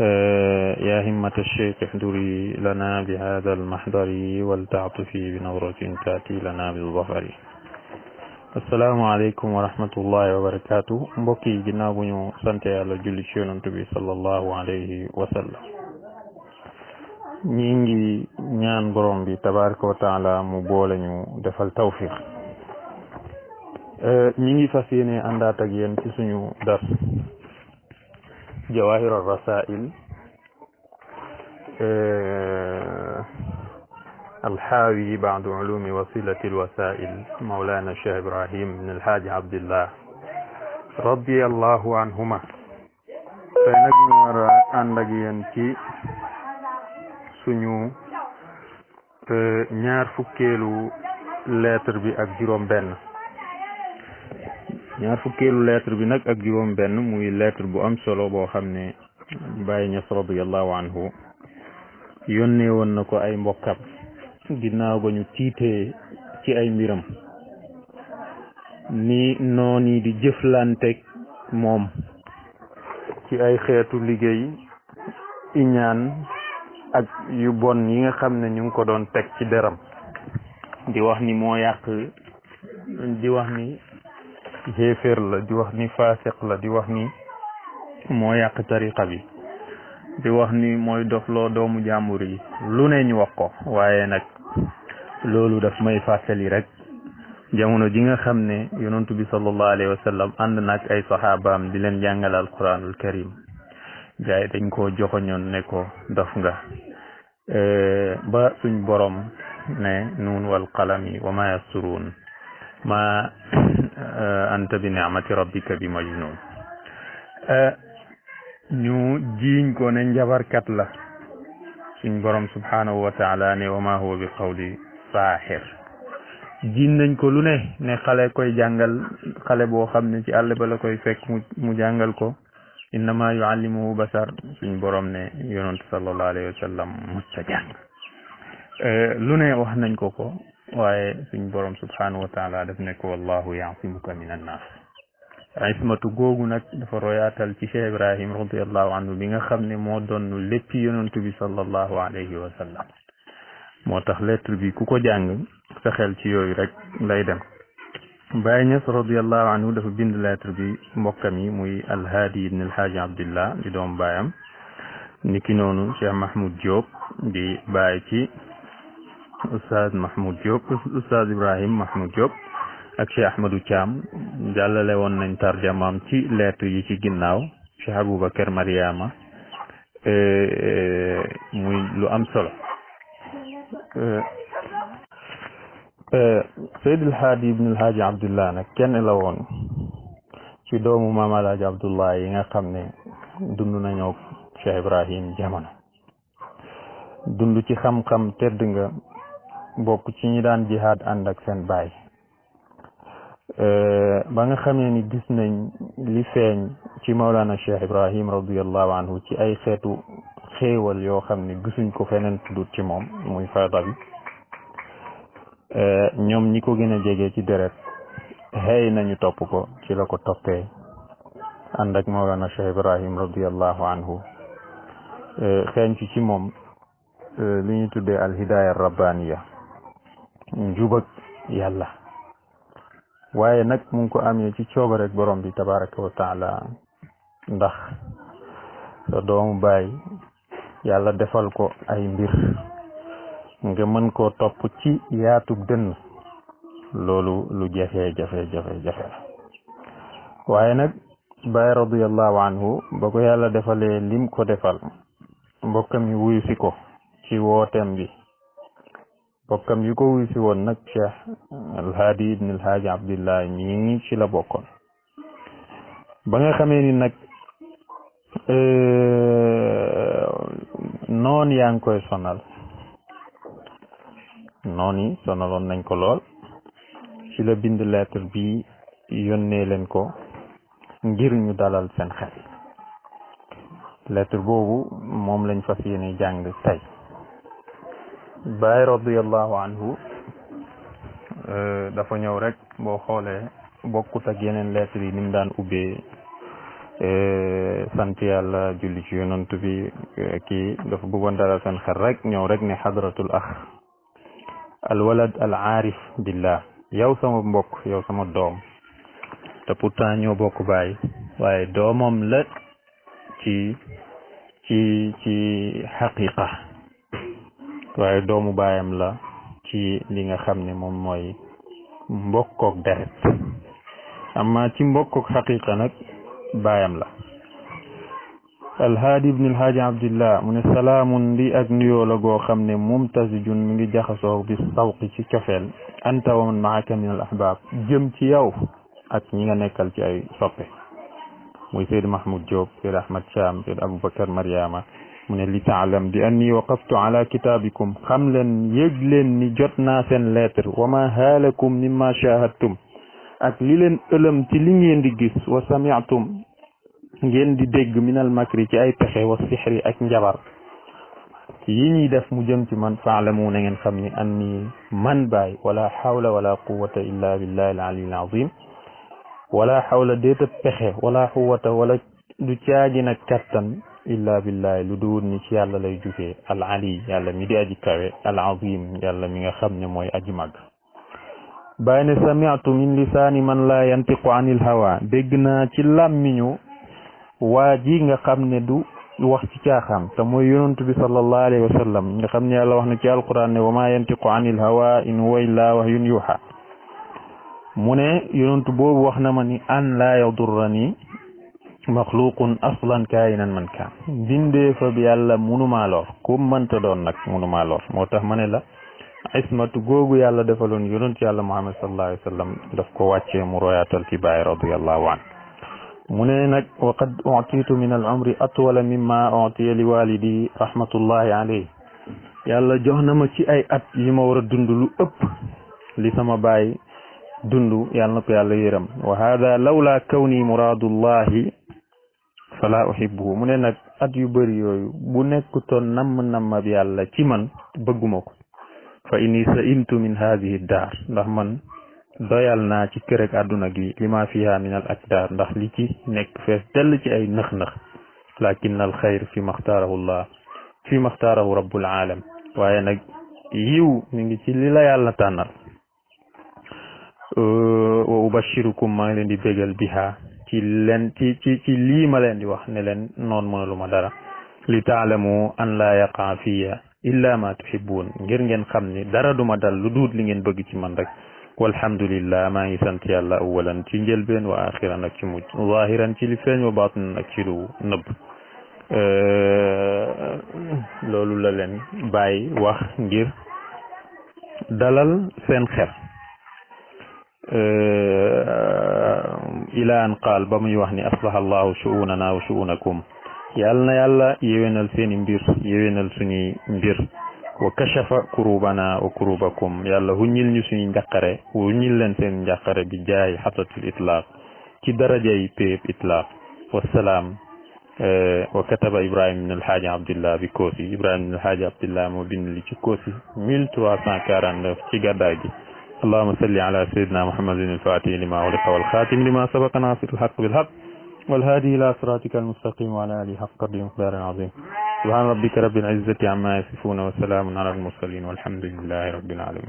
آه، يا همة الشيخ احضري لنا بهذا المحضر والتعطفي بنظرة تأتي لنا بالظفر السلام عليكم ورحمة الله وبركاته بكي جنابني سنتي على جل شيرنتبي صلى الله عليه وسلم نيجي نيان بروم بي تبارك وتعالى مبولنيو دفع التوفيق آه، نيجي فاسيني أنداتك ينتسنيو درس جواهر الرسائل آه، الحاوي بعد علوم وصلة الوسائل مولانا الشيخ إبراهيم بن الحاج عبد الله رضي الله عنهما فنجم نرى أن war سنو آه، نعرف كيلو لاتر ci بنا ñaar ñaar fukkeelu lettre bi nag ak juróom benn muy lettre bu am solo boo xam ne Baye Niass radiallahu anhu yónnee woon na ko ay mbokkam ginnaaw ba ñu tiitee ci ay mbiram ni noon yi di jëflanteeg moom ci ay xeetu liggéey iñaan ak yu bon yi nga xam ne ñu ngi ko doon teg ci deram di wax ni moo yàq di wax ni yéeféer la di wax ni faasiq la di wax ni moo yàq tariqa bi di wax ni mooy dofloo doomu jàmbur yi lu ne ñu wax ko waaye nag loolu daf may fàttali rek jamono ji nga xam ne yonantu bi sallallahu alayhi wa sallam ànd nag ay saxaabaam di leen jàngale alquranul karim gars yi dañ koo joxoñoon ne ko dof nga ba suñ borom ne nuun wal qalami wa ma yasturuun ma anta bi ni'mati rabbika bi majnun ñu jiiñ ko ne njabarkat la suñ borom subhanahu wa taala ne wa ma huwa bi qawli saaxir jiiñ nañ ko lu ne ne xale koy jàngal xale boo xam ne ci àll ba la koy fekk mu jàngal ko innama yuallimuhu basar suñ borom ne yonantu sallallahu alayhi wa sallam mos sa jàng lu ne wax nañ ko ko waaye suñ borom subhanahu wa taala daf nekk wallahu yaasimuka min annaas ismatu googu nag dafa royaatal ci Cheikh Ibrahim radiallahu anhu bi nga xam ne moo doon lépp yonantu bi sallallahu alayhi wa sallam moo tax lettre bi ku ko jàng sa ci yooyu rek lay dem Baye Niass radiallahu anhu dafa bind lettre bi mbokkam mi muy alhaadi ibn alhaaji abdillah di doom baayam ki noonu Cheikh Mahmoud Diop di bàyyi ci Oustaz Mahmoud Diop Oustaz Ibrahim Mahmoud Diop ak Cheikh Ahmadou Thiam jàllale woon nañ tarjamaam ci lettre yi ci ginnaaw Cheikh Aboubacar Mariama euh, euh, muy lu am solo euh, Seydil Haadi Ibnul Haaji Abdullah nag kenn la woon ci doomu Maam Alaaji Abdullah yi nga xam ne dund nañoo Cheikh Ibrahim jamono dund ci xam-xam tedd nga bokk ci ñi daan jihaad ànd ak seen baay eh, ba nga xamee ni gis nañ li feeñ ci Maulana Cheikh Ibrahim radiallahu anhu ci ay xeetu xéewal yoo xam ne gisuñ ko feneen tuddut ci moom muy fayda bi eh, ñoom ñi ko gën a jege ci deret xëy nañu topp ko ci la ko toppee ànd ak Maulana Cheikh Ibrahim radiallahu anhu xeeñ eh, ci ci moom li ñu tuddee alhidaaya rabbaniya njubag yàlla waaye nag mu ko amee ci coobare ak bi tabaraka wa ndax sa doomu baay yàlla defal ko ay mbir nga mën koo topp ci yaatub dënn loolu lu jafe jafe jafe jafe la waaye nag baay radiallahu anhu ba ko yàlla defalee lim ko defal mbokkam yi wuyu si ko ci wooteem bi bokkam yu ko wuy si woon nag cheikh alhaadi ibn alhaaji abdillah ñii ci la bokkoon ba nga xamee ni nag euh, noon yaa ngi koy sonal noon yi sonaloon nañ ko lool ci la bind lettre bi yónnee leen ko ngir ñu dalal seen xel lettre boobu moom lañ fas yéene jàng tey Baay radiallahu anhu euh, dafa ñëw rek boo xoolee bokkut ak yeneen lettre yi ni mu daan ubbee euh, sant yàlla julli ci yonant bi euh, kii dafa bëggoon dara seen xel rek ñëw rek ne xadratul ax alwalad al aarif billah yow sama mbokk yow sama doom te pourtant ñoo bokk baay waaye doomam la ci ci ci xaqiqa waaye doomu baayam la ci li nga xam ne moom mooy mbokkook deret amma ci mbokkook xaqiqa nag baayam la alhaadi ibn alhaaji abdillah mu ne salaamun li ak nuyoo la goo xam ne mumtasijun mi ngi jaxasoo bi sawqi ci cofeel anta wa man maaka min al ahbab jëm ci yow ak ñi nga nekkal ci ay soppe muy Seyd Mahmoud Diop Seyd Ahmad Cham Seyd Aboubacar Mariama من اللي تعلم بأني وقفت على كتابكم خملا يجلن نجتنا سن لاتر وما هالكم مما شاهدتم أكليل ألم تلين يندقس وسمعتم يندي دق من المكر كأي تخي والسحر أكنجبر يني دف مجمت من فعلمون أن خمي أني من باي ولا حول ولا قوة إلا بالله العلي العظيم ولا حول ديت بخي ولا قوة ولا دوتياجي نكتن illaa billahi lu duwul ni ci yàlla lay jugee al ali yàlla mi di aji kawe al azim mi nga xam ne mooy aji màgg bàyyi ne sami'tu min lisaani man laa yantiqu anil hawa dégg naa ci làmmiñu waa ji nga xam ne du wax ci caaxaan te mooy yonent bi sallallahu alayhi wa nga xam ne yàlla wax na ci alquran ne wa maa yantiqu anil hawa in huwa wax na ma ni an maxluqun aslan kaayinan man kaan bindee fa yàlla munumaa lor ku mënta doon nag munumaa lor moo tax ma ne la ismatu googu yàlla defaloon yonent yàlla muhammad sallallahu alayhi wa sallam daf ko wàccee mu royaatal ci bàyyi radiallahu an mu ne nag wa qad utiitu min al umri atwala mimma utiya li walidi rahmatullahi alayhi yàlla jox na ma ci ay at yi ma war a dund lu ëpp li sama baay dund yàlla na ko yàlla yërëm wa hada lawla kawni muraadullahi فلا أحبه من نك أديو بريو بنك نم نم بيالا تيمن بغمك فإني سئمت من هذه الدار لمن ضيالنا تكرك أدونا جي لما فيها من الأكدار نخليكي نك فاستلك أي نخنخ لكن الخير في مختاره الله في مختاره رب العالم وهي نك يو نجي تليلا يالا تانر وأبشركم ما لندي بها ci leen ci ci ci lii ma leen di wax ne leen noon mënaluma dara li taalamu an laa yaqa fiya illa ma tuhibbuun ngir ngeen xam ni dara duma dal lu duut li ngeen bëgg ci man rek walhamdulillah maa ngi sant yàlla awalan ci njëlbeen wa axiran ak ci mujj zahiran ci li feeñ wa baatinan ak ci lu nëbb loolu la leen bàyyi wax ngir dalal seen xel ila an qaal ba muy wax ni aslaha allahu shu'unana wa shu'unakum yàlla na yàlla yéwénal seeni mbir yéwénal suñuy mbir wa kashafa kurubana wa kurubakum yàlla huññil ñu suñu njàqare huññil leen seen njàqare bi jaay xatatul itlaaq ci darajay péeb itlaaq wasalaam wa kataba ibrahima ibn alhaaji abdillah bi koosi ibrahima ibn alhaaji abdillah moo bind li ci koosi 1349 ci gàddaay gi اللهم صل على سيدنا محمد الفاتح لما أغلق والخاتم لما سبق ناصر الحق بالحق والهادي إلى صراطك المستقيم وعلى آله حق قدر مقدار عظيم سبحان ربك رب العزة عما يصفون وسلام على المرسلين والحمد لله رب العالمين